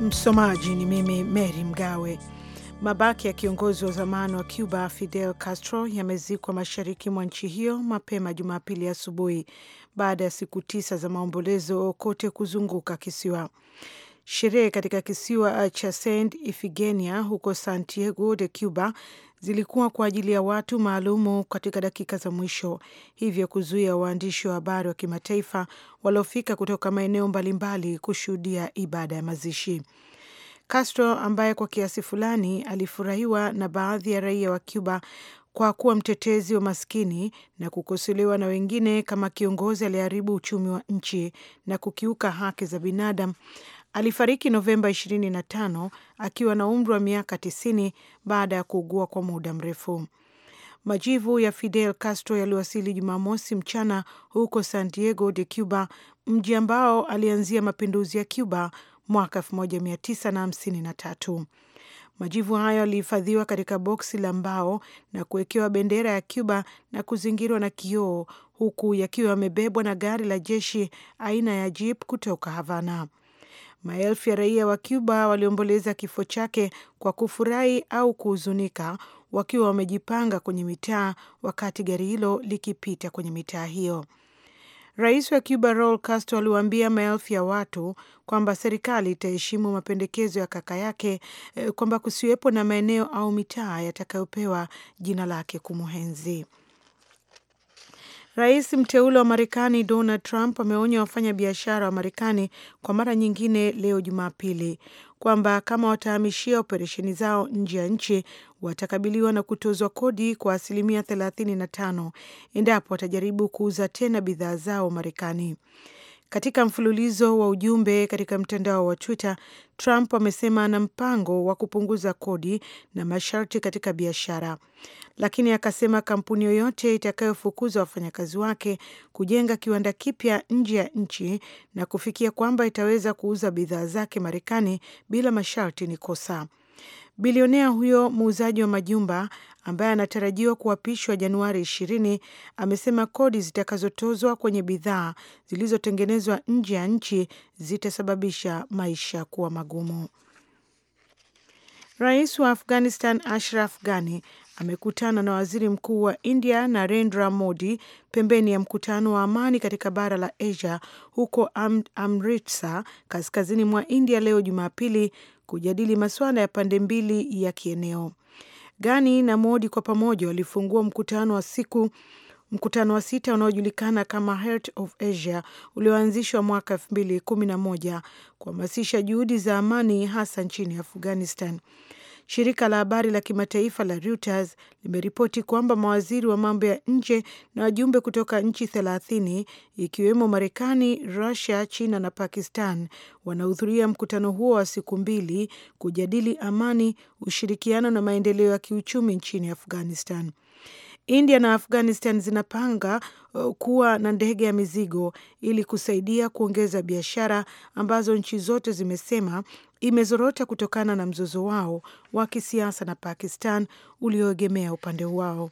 Msomaji ni mimi Mary Mgawe. Mabaki ya kiongozi wa zamani wa Cuba Fidel Castro yamezikwa mashariki mwa nchi hiyo mapema Jumapili asubuhi baada ya siku tisa za maombolezo kote kuzunguka kisiwa. Sherehe katika kisiwa cha Saint Ifigenia huko Santiago de Cuba zilikuwa kwa ajili ya watu maalumu katika dakika za mwisho, hivyo kuzuia waandishi wa habari wa kimataifa waliofika kutoka maeneo mbalimbali kushuhudia ibada ya mazishi. Castro ambaye kwa kiasi fulani alifurahiwa na baadhi ya raia wa Cuba kwa kuwa mtetezi wa maskini na kukosolewa na wengine kama kiongozi aliyeharibu uchumi wa nchi na kukiuka haki za binadamu, Alifariki Novemba 25 akiwa na umri wa miaka 90 baada ya kuugua kwa muda mrefu. Majivu ya Fidel Castro yaliwasili Jumamosi mchana huko san diego de Cuba, mji ambao alianzia mapinduzi ya Cuba mwaka 1953. Majivu hayo yalihifadhiwa katika boksi la mbao na kuwekewa bendera ya Cuba na kuzingirwa na kioo, huku yakiwa yamebebwa na gari la jeshi aina ya jeep kutoka Havana. Maelfu ya raia wa Cuba waliomboleza kifo chake kwa kufurahi au kuhuzunika, wakiwa wamejipanga kwenye mitaa wakati gari hilo likipita kwenye mitaa hiyo. Rais wa Cuba Raul Castro aliwaambia maelfu ya watu kwamba serikali itaheshimu mapendekezo ya kaka yake eh, kwamba kusiwepo na maeneo au mitaa yatakayopewa jina lake kumuhenzi. Rais mteule wa Marekani Donald Trump ameonya wafanya biashara wa Marekani kwa mara nyingine leo Jumapili kwamba kama watahamishia operesheni zao nje ya nchi watakabiliwa na kutozwa kodi kwa asilimia 35 endapo watajaribu kuuza tena bidhaa zao Marekani. Katika mfululizo wa ujumbe katika mtandao wa Twitter, Trump amesema ana mpango wa kupunguza kodi na masharti katika biashara, lakini akasema kampuni yoyote itakayofukuza wafanyakazi wake kujenga kiwanda kipya nje ya nchi na kufikia kwamba itaweza kuuza bidhaa zake Marekani bila masharti ni kosa. Bilionea huyo muuzaji wa majumba ambaye anatarajiwa kuapishwa Januari 20 amesema kodi zitakazotozwa kwenye bidhaa zilizotengenezwa nje ya nchi zitasababisha maisha kuwa magumu. Rais wa Afghanistan Ashraf Ghani amekutana na waziri mkuu wa India Narendra Modi pembeni ya mkutano wa amani katika bara la Asia huko Am Amritsar, kaskazini mwa India leo Jumapili, kujadili masuala ya pande mbili ya kieneo. Gani na Modi kwa pamoja walifungua mkutano wa siku mkutano wa sita unaojulikana kama Heart of Asia ulioanzishwa mwaka elfu mbili kumi na moja kuhamasisha juhudi za amani hasa nchini Afghanistan. Shirika la habari la kimataifa la Reuters limeripoti kwamba mawaziri wa mambo ya nje na wajumbe kutoka nchi thelathini ikiwemo Marekani, Rusia, China na Pakistan wanahudhuria mkutano huo wa siku mbili kujadili amani, ushirikiano na maendeleo ya kiuchumi nchini Afghanistan. India na Afghanistan zinapanga uh, kuwa na ndege ya mizigo ili kusaidia kuongeza biashara ambazo nchi zote zimesema imezorota kutokana na mzozo wao wa kisiasa na Pakistan ulioegemea upande wao.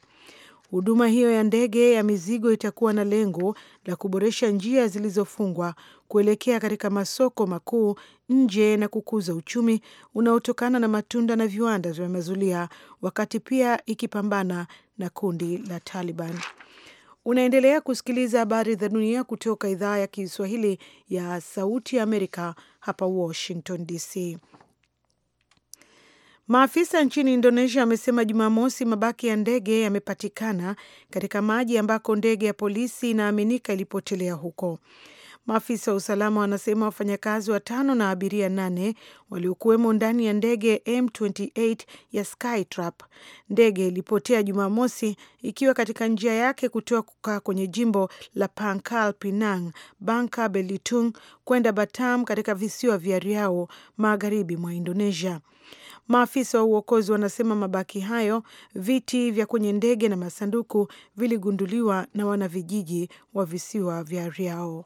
Huduma hiyo ya ndege ya mizigo itakuwa na lengo la kuboresha njia zilizofungwa kuelekea katika masoko makuu nje na kukuza uchumi unaotokana na matunda na viwanda vya mazulia, wakati pia ikipambana na kundi la Taliban. Unaendelea kusikiliza habari za dunia kutoka idhaa ya Kiswahili ya Sauti ya Amerika hapa Washington DC. Maafisa nchini Indonesia wamesema Jumamosi mabaki ya ndege yamepatikana katika maji ambako ndege ya polisi inaaminika ilipotelea huko. Maafisa wa usalama wanasema wafanyakazi watano na abiria nane waliokuwemo ndani ya ndege M28 ya Skytrap. Ndege ilipotea Jumamosi ikiwa katika njia yake kutoka kwenye jimbo la Pankal Pinang, Bangka Belitung kwenda Batam katika visiwa vya Riau, magharibi mwa Indonesia. Maafisa wa uokozi wanasema mabaki hayo, viti vya kwenye ndege na masanduku viligunduliwa na wanavijiji wa visiwa vya riao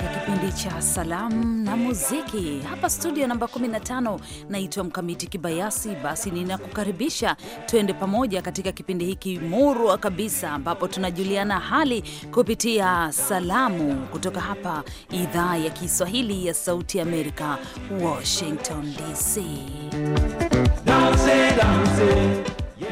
cha salamu na muziki hapa studio namba 15. Naitwa Mkamiti Kibayasi. Basi ninakukaribisha tuende pamoja katika kipindi hiki murwa kabisa, ambapo tunajuliana hali kupitia salamu kutoka hapa idhaa ya Kiswahili ya Sauti ya Amerika, Washington DC.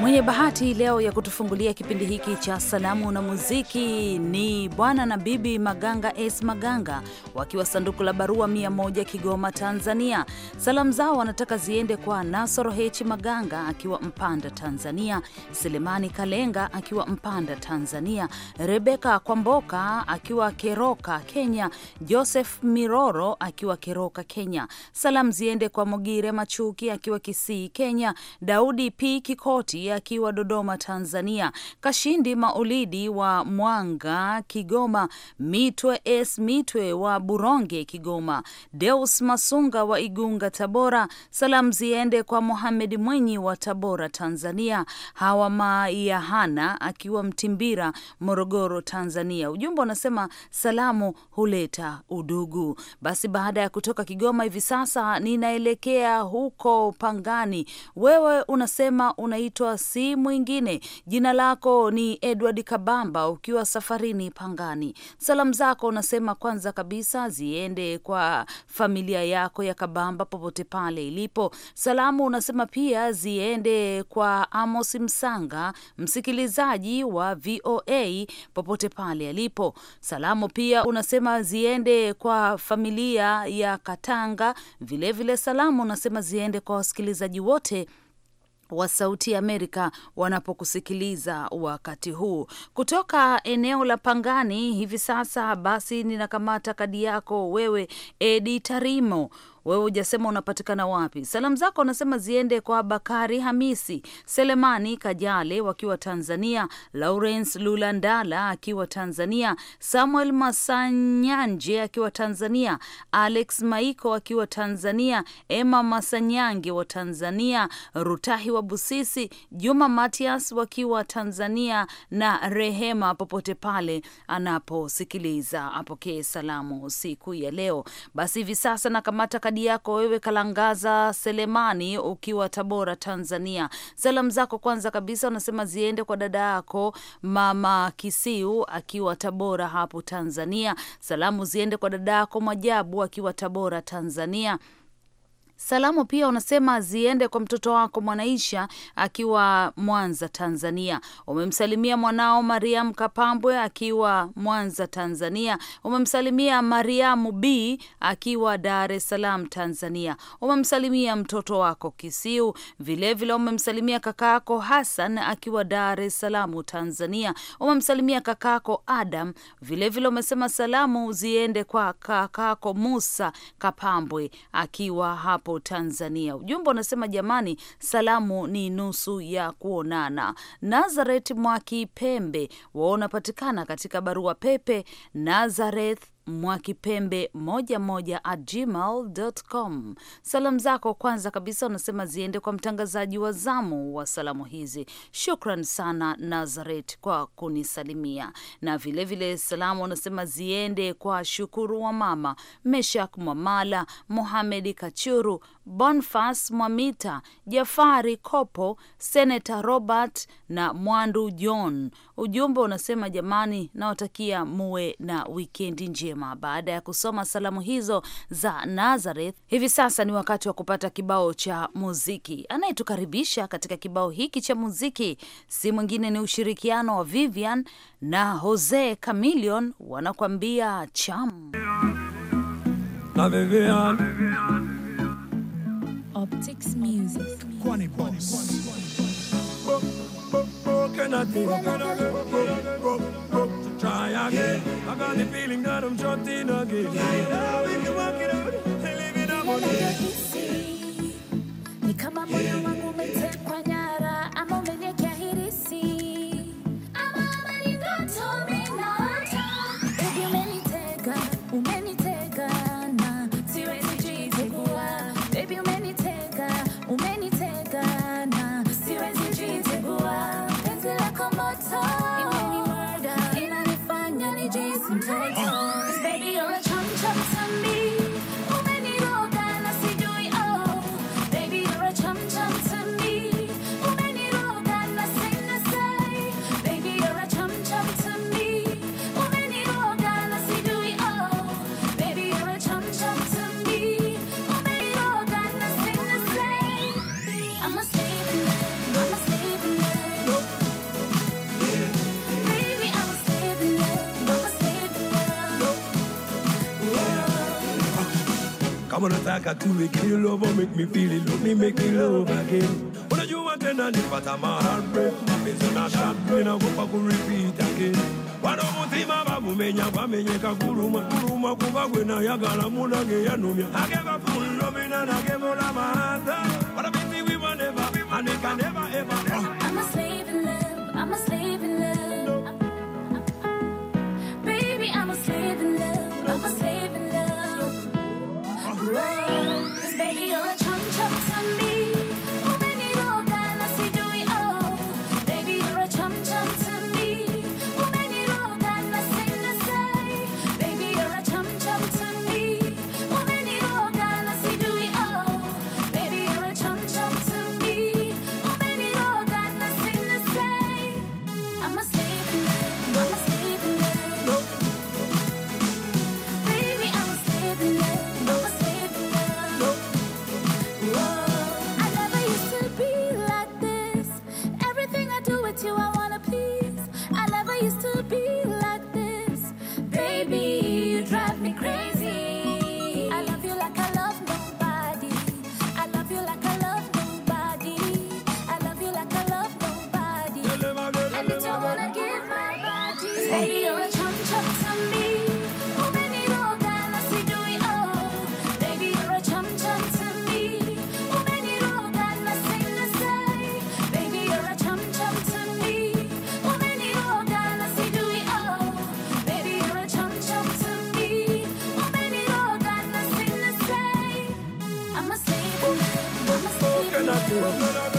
Mwenye bahati leo ya kutufungulia kipindi hiki cha salamu na muziki ni bwana na bibi Maganga S Maganga wakiwa sanduku la barua 1 Kigoma, Tanzania. Salamu zao wanataka ziende kwa Nasoro Hechi Maganga akiwa Mpanda, Tanzania, Selemani Kalenga akiwa Mpanda, Tanzania, Rebeka Kwamboka akiwa Keroka, Kenya, Joseph Miroro akiwa Keroka, Kenya. Salamu ziende kwa Mogire Machuki akiwa Kisii, Kenya, Daudi P Kikoti akiwa Dodoma, Tanzania, Kashindi Maulidi wa Mwanga, Kigoma, Mitwe S Mitwe wa Buronge, Kigoma, Deus Masunga wa Igunga, Tabora. Salamu ziende kwa Mohamed Mwenyi wa Tabora, Tanzania, Hawa Maiyahana akiwa Mtimbira, Morogoro, Tanzania. Ujumbe unasema salamu huleta udugu. Basi baada ya kutoka Kigoma hivi sasa ninaelekea huko Pangani. Wewe unasema unaitwa si mwingine. Jina lako ni Edward Kabamba, ukiwa safarini Pangani. Salamu zako unasema kwanza kabisa ziende kwa familia yako ya Kabamba popote pale ilipo. Salamu unasema pia ziende kwa Amos Msanga, msikilizaji wa VOA popote pale alipo. Salamu pia unasema ziende kwa familia ya Katanga vilevile vile. Salamu unasema ziende kwa wasikilizaji wote wa Sauti Amerika wanapokusikiliza wakati huu kutoka eneo la Pangani hivi sasa. Basi ninakamata kadi yako wewe, Edi Tarimo wewe hujasema unapatikana wapi. Salamu zako anasema ziende kwa Bakari Hamisi, Selemani Kajale wakiwa Tanzania, Lawrence Lulandala akiwa Tanzania, Samuel Masanyanje akiwa Tanzania, Alex Maiko akiwa Tanzania, Emma Masanyange wa Tanzania, Rutahi wa Busisi, Juma Matias wakiwa Tanzania na Rehema popote pale anaposikiliza apokee salamu siku ya leo. Basi hivi sasa nakamata kadi yako wewe Kalangaza Selemani ukiwa Tabora, Tanzania. Salamu zako kwanza kabisa unasema ziende kwa dada yako mama Kisiu akiwa Tabora hapo Tanzania. Salamu ziende kwa dada yako Mwajabu akiwa Tabora, Tanzania. Salamu pia unasema ziende kwa mtoto wako Mwanaisha akiwa Mwanza, Tanzania. Umemsalimia mwanao Mariam Kapambwe akiwa Mwanza, Tanzania. Umemsalimia Mariamu B akiwa Dar es Salaam, Tanzania. Umemsalimia mtoto wako Kisiu, vilevile umemsalimia kakaako Hassan akiwa Dar es Salaam, Tanzania. Umemsalimia kakaako Adam, vilevile umesema salamu ziende kwa kakaako Musa Kapambwe akiwa hapo hapo Tanzania. Ujumbe unasema jamani, salamu ni nusu ya kuonana. Nazareth Mwakipembe waona patikana katika barua pepe Nazareth mwakipembe moja moja at gmail.com. Salamu zako kwanza kabisa unasema ziende kwa mtangazaji wa zamu wa salamu hizi. Shukran sana Nazaret kwa kunisalimia, na vilevile vile salamu unasema ziende kwa Shukuru wa mama Meshak Mwamala, muhamedi Kachuru, bonfas Mwamita, Jafari Kopo, Senata Robert na Mwandu John. Ujumbe unasema jamani, nawatakia muwe na wikendi njema. Baada ya kusoma salamu hizo za Nazareth, hivi sasa ni wakati wa kupata kibao cha muziki. Anayetukaribisha katika kibao hiki cha muziki si mwingine ni ushirikiano wa Vivian na Jose camilion wanakuambia cham na Vivian. Optics Music. Boss. Broken at me, broken again, try again. I got the feeling that I'm again. Now we can walk it out it up Nikama wangu I'm gonna talk a two week kill over, make me feel it, love me, make me love again. What do you want then and if I tell my heartbreak, my face on a shot, me no go back repeat again. Wano mutima babumenya bamenyeka kuluma kuluma kuba gwe nayagala munange yanumya ageva kulomina nagebola mahanda but I believe we will never and they can never Thank you.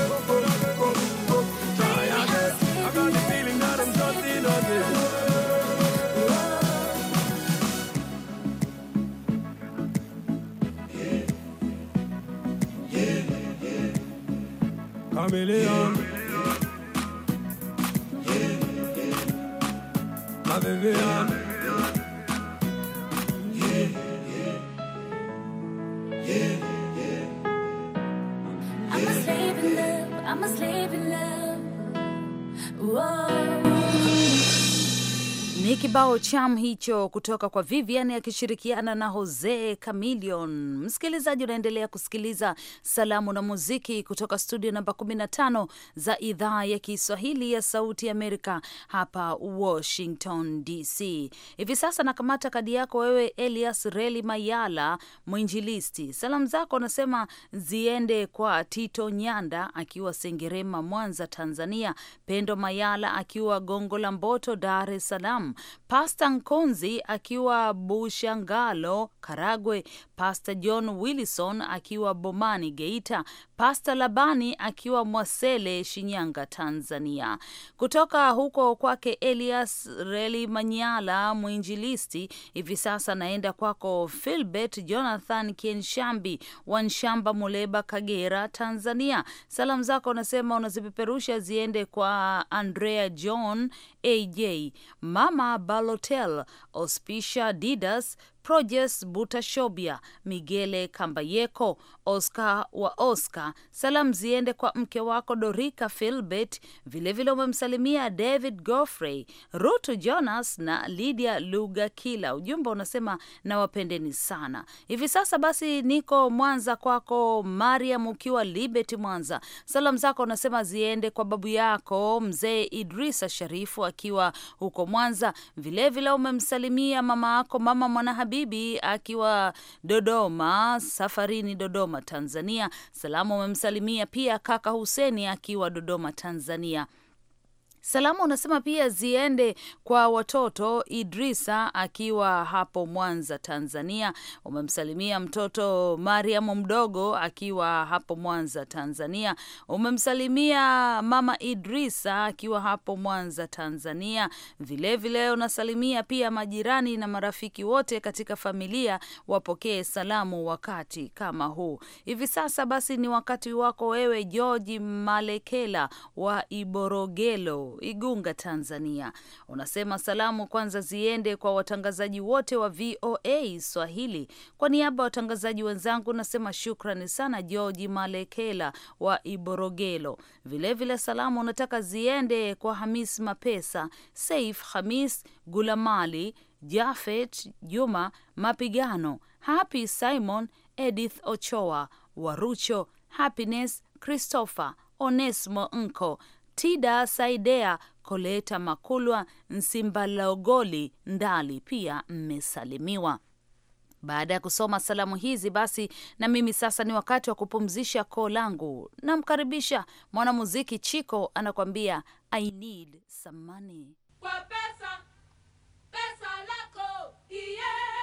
kibao cham hicho kutoka kwa Vivian akishirikiana na Jose camilion Msikilizaji, unaendelea kusikiliza salamu na muziki kutoka studio namba 15 za idhaa ya Kiswahili ya Sauti ya Amerika hapa Washington DC. Hivi sasa nakamata kadi yako wewe, Elias Reli Mayala, mwinjilisti. Salamu zako anasema ziende kwa Tito Nyanda akiwa Sengerema, Mwanza, Tanzania, Pendo Mayala akiwa Gongo la Mboto, Dar es Salaam, Pasta Nkonzi akiwa Bushangalo, Karagwe, Pasta John Willison akiwa Bomani, Geita, Pasta Labani akiwa Mwasele, Shinyanga, Tanzania. Kutoka huko kwake Elias Reli Manyala, mwinjilisti. Hivi sasa naenda kwako Filbert Jonathan Kienshambi wa Nshamba, Muleba, Kagera, Tanzania. Salamu zako unasema unazipeperusha ziende kwa Andrea John, AJ, mama Balotel, Ospisha Didas, Projes Butashobia, Migele Kambayeko, Oscar wa Oscar, salamu ziende kwa mke wako Dorika Filbert, vilevile umemsalimia David Goffrey, Rutu Jonas na Lydia kila Ujumbe unasema nawapendeni sana. Hivi sasa basi niko Mwanza kwako Mariam, ukiwa Libet Mwanza, salamu zako unasema ziende kwa babu yako mzee Idrisa Sharifu akiwa huko Mwanza, vilevile umemsalimia mama yako mama Mwanahabibi akiwa Dodoma, safarini Dodoma Tanzania. Salamu amemsalimia pia kaka Huseni akiwa Dodoma, Tanzania. Salamu unasema pia ziende kwa watoto. Idrisa akiwa hapo Mwanza, Tanzania. Umemsalimia mtoto Mariamu mdogo akiwa hapo Mwanza, Tanzania. Umemsalimia mama Idrisa akiwa hapo Mwanza, Tanzania. Vilevile vile unasalimia pia majirani na marafiki wote katika familia, wapokee salamu wakati kama huu hivi sasa. Basi ni wakati wako wewe, George Malekela wa Iborogelo Igunga, Tanzania, unasema salamu kwanza ziende kwa watangazaji wote wa VOA Swahili. Kwa niaba ya watangazaji wenzangu nasema shukrani sana George Malekela wa Iborogelo. Vilevile vile salamu unataka ziende kwa Hamis Mapesa, Saif Hamis Gulamali, Jafet Juma Mapigano, Happy Simon, Edith Ochoa, Warucho, Happiness Christopher Onesmo Nko Tida Saidea, Koleta Makulwa, Nsimbalogoli Ndali pia mmesalimiwa. Baada ya kusoma salamu hizi, basi na mimi sasa ni wakati wa kupumzisha koo langu. Namkaribisha mwanamuziki Chiko anakuambia I need some money. Kwa pesa, pesa lako, yeah.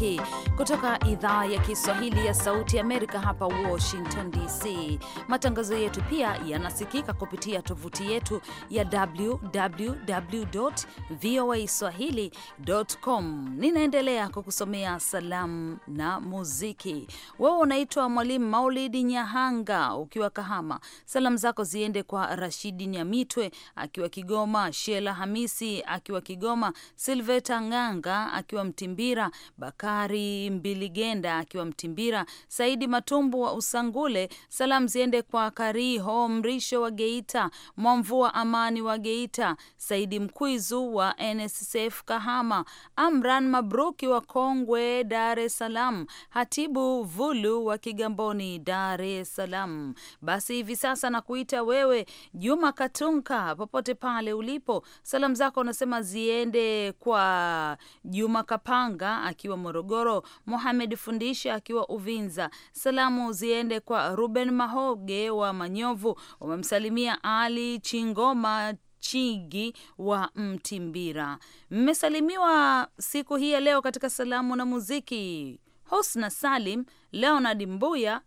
mengi kutoka idhaa ya Kiswahili ya Sauti Amerika hapa Washington DC. Matangazo yetu pia yanasikika kupitia tovuti yetu ya www voa swahili.com. Ninaendelea kukusomea salamu na muziki. Wewe unaitwa Mwalimu Maulidi Nyahanga ukiwa Kahama. Salamu zako ziende kwa Rashidi Nyamitwe akiwa Kigoma, Shela Hamisi akiwa Kigoma, Silveta Nganga akiwa Mtimbira, Baka Bakari Mbiligenda akiwa Mtimbira, Saidi Matumbu wa Usangule. Salamu ziende kwa Kariho Mrisho wa Geita, Mwamvua Amani wa Geita, Saidi Mkwizu wa NSSF Kahama, Amran Mabruki wa Kongwe, Dar es Salaam, Hatibu Vulu wa Kigamboni, Dar es Salaam. Basi hivi sasa nakuita wewe Juma Katunka, popote pale ulipo, salamu zako unasema ziende kwa Juma Kapanga akiwa Moro Morogoro, Mohamed Fundisha akiwa Uvinza. Salamu ziende kwa Ruben Mahoge wa Manyovu, wamemsalimia Ali Chingoma Chigi wa Mtimbira. Mmesalimiwa siku hii ya leo katika salamu na muziki, Husna Salim, Leonard Mbuya,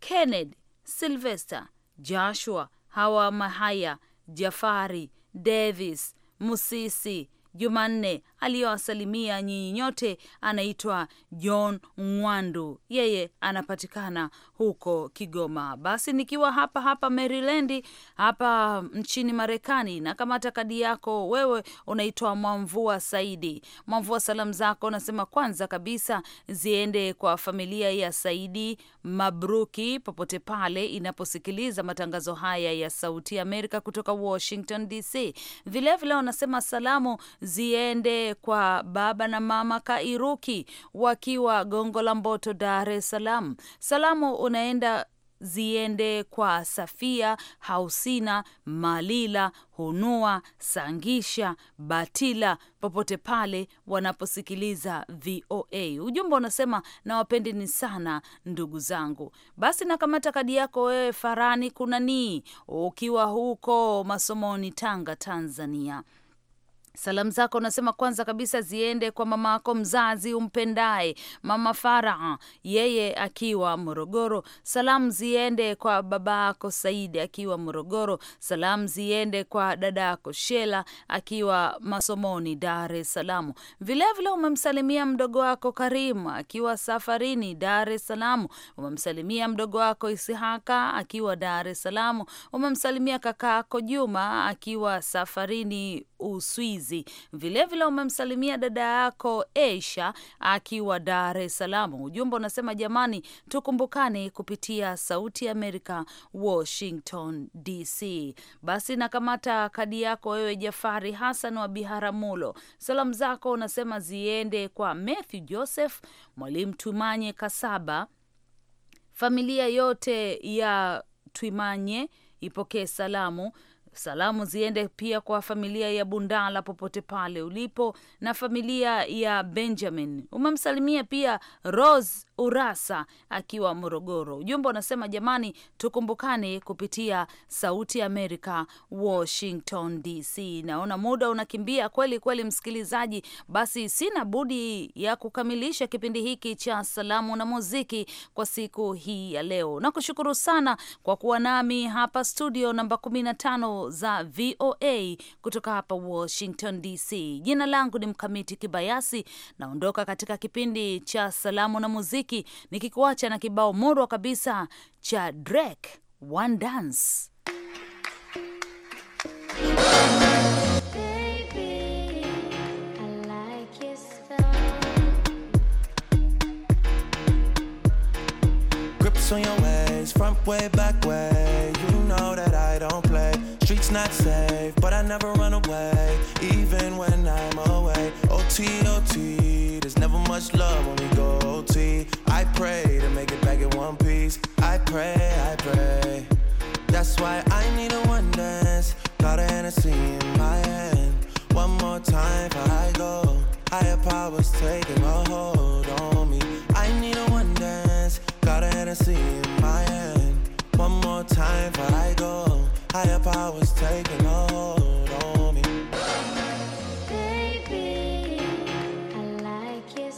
Kenneth Silvester, Joshua Hawa Mahaya, Jafari Davis Musisi Jumanne aliyowasalimia nyinyi nyote anaitwa John Ng'wandu, yeye anapatikana huko Kigoma. Basi nikiwa hapa hapa Maryland, hapa nchini Marekani, na kamata kadi yako wewe, unaitwa Mwamvua Saidi. Mwamvua, salamu zako unasema kwanza kabisa ziende kwa familia ya Saidi Mabruki popote pale inaposikiliza matangazo haya ya Sauti ya Amerika kutoka Washington DC. Vilevile wanasema salamu ziende kwa baba na mama Kairuki wakiwa Gongo la Mboto, Dar es Salaam. Salamu unaenda ziende kwa Safia, Hausina, Malila, Hunua, Sangisha, Batila popote pale wanaposikiliza VOA. Ujumbe unasema nawapendeni sana ndugu zangu. Basi nakamata kadi yako wewe, Farani Kunanii, ukiwa huko Masomoni, Tanga, Tanzania. Salamu zako unasema kwanza kabisa ziende kwa mama yako mzazi umpendaye, Mama faraha yeye akiwa Morogoro. Salamu ziende kwa baba yako Saidi akiwa Morogoro. Salamu ziende kwa dada yako Shela akiwa masomoni Dar es Salaam. Vilevile umemsalimia mdogo wako Karimu akiwa safarini Dar es Salaam. Umemsalimia mdogo wako Isihaka akiwa Dar es Salaam. Umemsalimia kakaako Juma akiwa safarini Uswizi. Vilevile umemsalimia dada yako Aisha akiwa Dar es Salaam. Ujumbe unasema jamani, tukumbukane kupitia Sauti ya Amerika, Washington DC. Basi nakamata kadi yako wewe, Jafari Hassan wa Biharamulo. Salamu zako unasema ziende kwa Matthew Joseph, Mwalimu Tumanye Kasaba, familia yote ya Twimanye ipokee salamu Salamu ziende pia kwa familia ya Bundala popote pale ulipo na familia ya Benjamin. Umemsalimia pia Rose Urasa akiwa Morogoro. Ujumbe unasema jamani, tukumbukane kupitia Sauti ya Amerika, Washington DC. Naona muda unakimbia kweli kweli, msikilizaji, basi sina budi ya kukamilisha kipindi hiki cha salamu na muziki kwa siku hii ya leo. Nakushukuru sana kwa kuwa nami hapa studio namba 15 za VOA kutoka hapa Washington DC. Jina langu ni Mkamiti Kibayasi, naondoka katika kipindi cha salamu na muziki nikikuacha na kibao murwa kabisa cha Drake One Dance. on your ways, front way, back way. You know that I don't play. streets not safe, but I never run away, even when I'm away. O T O T, there's never much love when we go OT. I pray to make it back in one piece. I pray, I pray. That's why I need a one dance. Got a Hennessy in my hand. One more time before I go. Higher powers taking a hold on me. I need a one dance. Got a Hennessy in my hand. One more time before I go. Higher powers taking hold on me. Baby, I like your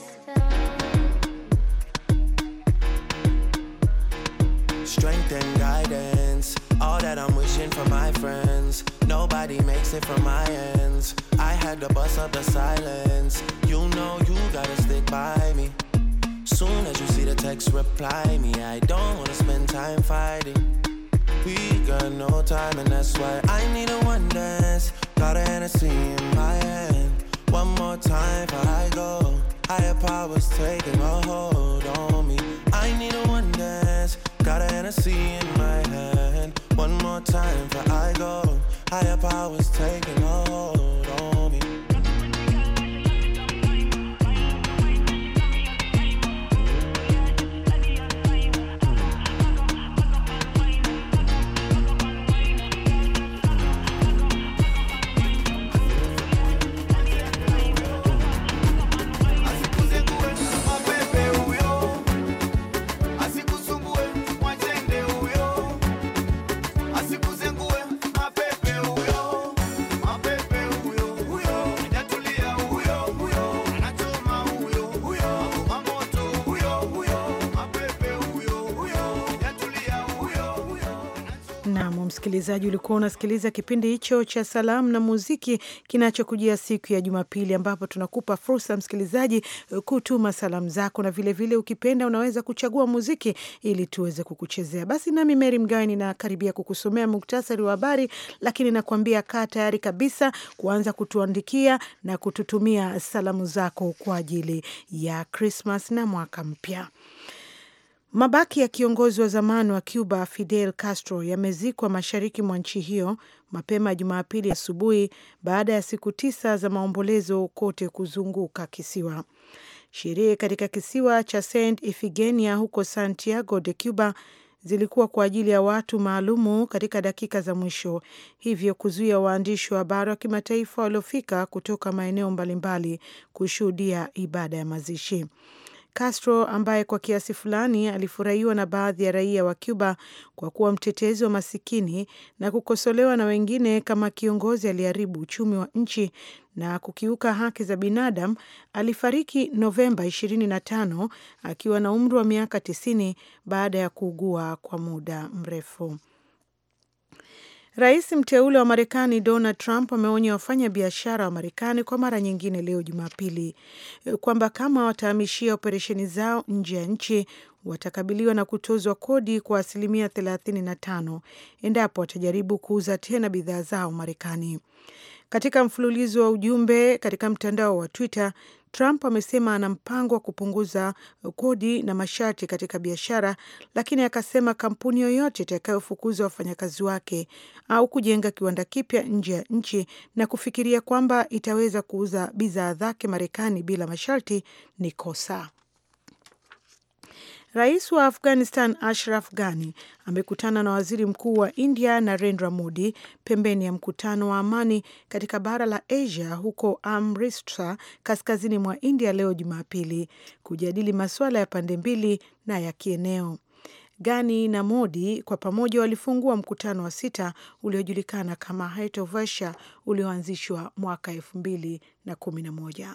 Strength and guidance, all that I'm wishing for my friends. Nobody makes it from my ends. I had to bust up the silence. You know you gotta stick by me. Soon as you see the text, reply me. I don't wanna spend time fighting. We got no time, and that's why I need a one dance. Got a Hennessy in my hand. One more time before I go. Higher powers taking a hold on me. I need a one dance. Got a Hennessy in my hand. One more time before I go. Higher powers taking a hold on me. msikilizaji, ulikuwa unasikiliza kipindi hicho cha salamu na muziki kinachokujia siku ya Jumapili, ambapo tunakupa fursa msikilizaji kutuma salamu zako, na vilevile vile ukipenda unaweza kuchagua muziki ili tuweze kukuchezea. Basi nami Meri Mgawe ninakaribia kukusomea muktasari wa habari, lakini nakuambia kaa tayari kabisa kuanza kutuandikia na kututumia salamu zako kwa ajili ya Krismas na mwaka mpya. Mabaki ya kiongozi wa zamani wa Cuba Fidel Castro yamezikwa mashariki mwa nchi hiyo mapema Jumapili asubuhi baada ya siku tisa za maombolezo kote kuzunguka kisiwa. Sherehe katika kisiwa cha st Ifigenia huko Santiago de Cuba zilikuwa kwa ajili ya watu maalumu katika dakika za mwisho, hivyo kuzuia waandishi wa habari wa kimataifa waliofika kutoka maeneo mbalimbali kushuhudia ibada ya mazishi. Castro ambaye kwa kiasi fulani alifurahiwa na baadhi ya raia wa Cuba kwa kuwa mtetezi wa masikini na kukosolewa na wengine kama kiongozi aliyeharibu uchumi wa nchi na kukiuka haki za binadamu, alifariki Novemba 25 akiwa na umri wa miaka 90 baada ya kuugua kwa muda mrefu. Rais mteule wa Marekani Donald Trump ameonya wafanya biashara wa Marekani kwa mara nyingine leo Jumapili e, kwamba kama watahamishia operesheni zao nje ya nchi watakabiliwa na kutozwa kodi kwa asilimia 35 endapo watajaribu kuuza tena bidhaa zao Marekani. Katika mfululizo wa ujumbe katika mtandao wa Twitter, Trump amesema ana mpango wa kupunguza kodi na masharti katika biashara, lakini akasema kampuni yoyote itakayofukuza wafanyakazi wake au kujenga kiwanda kipya nje ya nchi na kufikiria kwamba itaweza kuuza bidhaa zake Marekani bila masharti ni kosa. Rais wa Afghanistan Ashraf Ghani amekutana na waziri mkuu wa India Narendra Modi pembeni ya mkutano wa amani katika bara la Asia huko Amritsar, kaskazini mwa India leo Jumapili, kujadili masuala ya pande mbili na ya kieneo. Ghani na Modi kwa pamoja walifungua mkutano wa sita uliojulikana kama Haitovasha ulioanzishwa mwaka elfu mbili na kumi na moja.